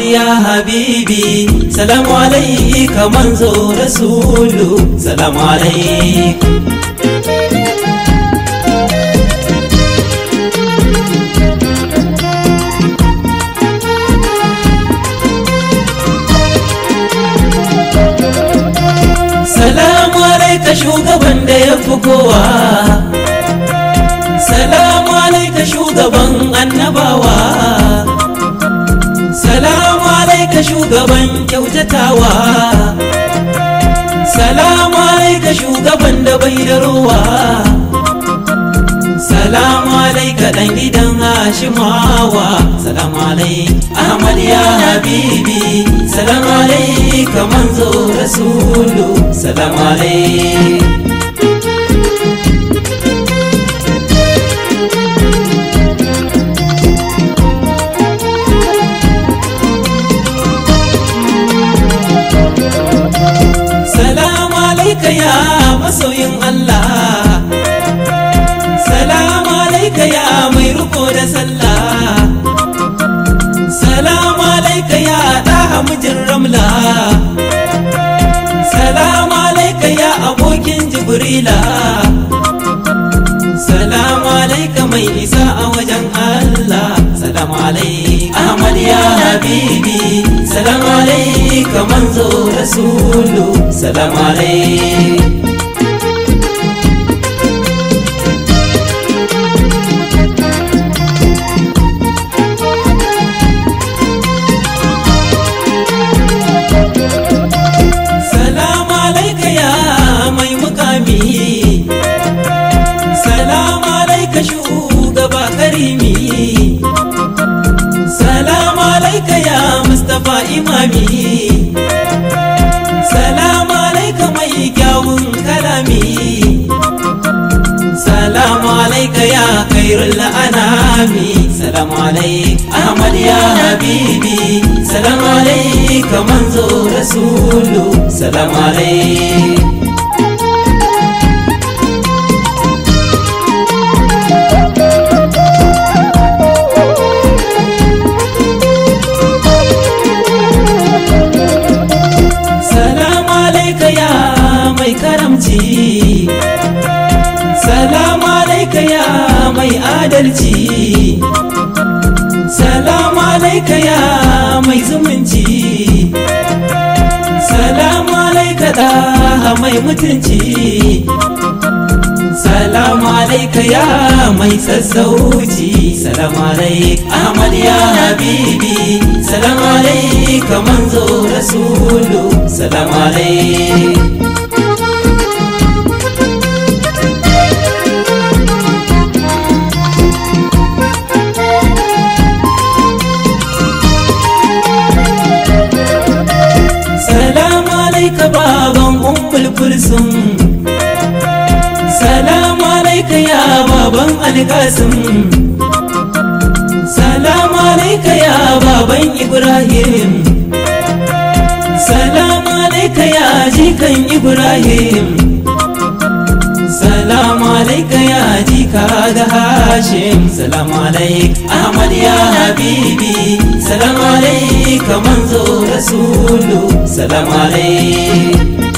ya habibi salamu alaika manzo rasulu salamu alaika kowa salamu alaika shugaban annabawa salamu alaika shugaban kyautatawa salamu alaika shugaban da bai da ruwa salamu alaika dan gidan hashimawa salamu alaika ahmad habibi salamu alaika manzo rasulu salamu alaika. alaika masoyin Allah salamu alaika mai ruko da sallah salamu alaika ya da hamjin ramla salamu alaika abokin jibrila salamu alaika mai isa a wajen Allah salamu alaika Ahmad habibi سلام عليك منظور رسول سلام عليك Mustapha imami Salamu alaika mai kyawun kalami Salamu alaika ya khairul la'anami Salamu alaika Ahmad ya habibi Salamu alaika manzo rasulu Salamu alaika. adalci salamu alaika ya mai zumunci salamu alaika da mai mutunci salamu alaika ya mai sassauci salamu alaika ahmad ya habibi salamu alaika manzo rasulu salamu alaika kursun salamu alaika ya baban alkasim salamu alaika ya baban ibrahim salamu alaika ya jikan ibrahim salamu alaika ya jika ga hashim salamu alaik ahmad ya habibi salamu alaika manzo rasulu salamu alaik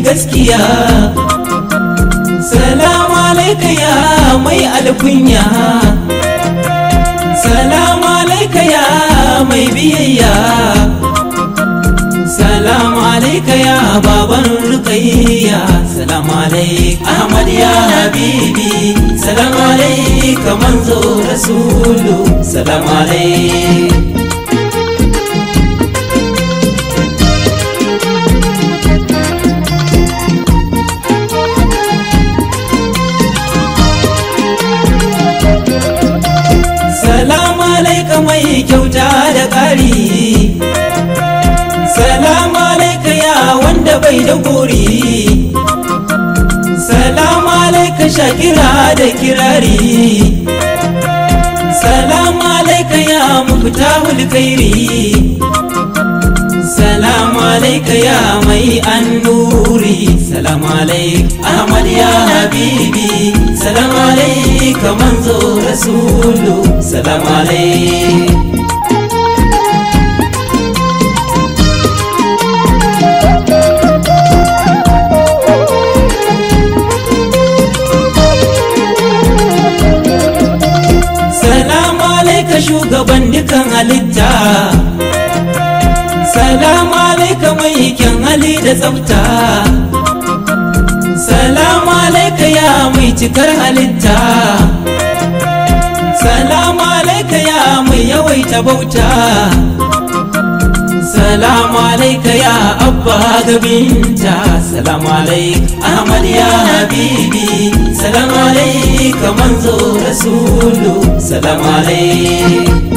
gaskiya salamu alaika ya mai alkunya salamu alaika ya mai biyayya salamu alaika ya baban rukayya salamu alaika ahmad ya habibi salamu alaika manzo rasulu salamu alaika bai da guri salamu alaika shakira da kirari salamu alaika ya mubtahul khairi salamu alaika ya mai annuri salamu alaika ahmad ya habibi salamu alaika manzo rasulu salamu alaika. shugaban dukan halitta salamu alaika mai kyan hali da tsafta salamu alaika ya mai cikar halitta salamu alaika ya mai yawaita bauta salamu alaika ya abba gabinta salamu alaika ahmad ya habibi salamu alaika manzo rasulu salamu alaika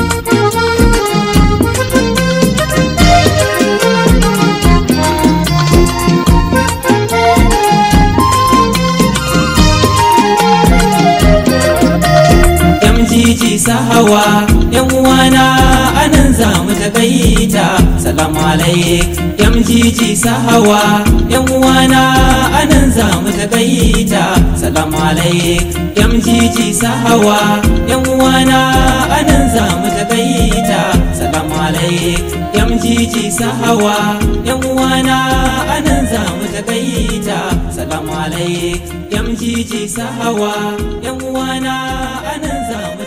sahhawa yan uwana gaita salamu alaik yan jiji sahawa yan uwana anan za mu ta gaita salamu alaik yan jiji sahawa yan uwana anan za mu ta gaita salamu alaik yan jiji sahawa yan uwana anan za mu ta gaita salamu alaik yan jiji sahawa yan uwana anan za mu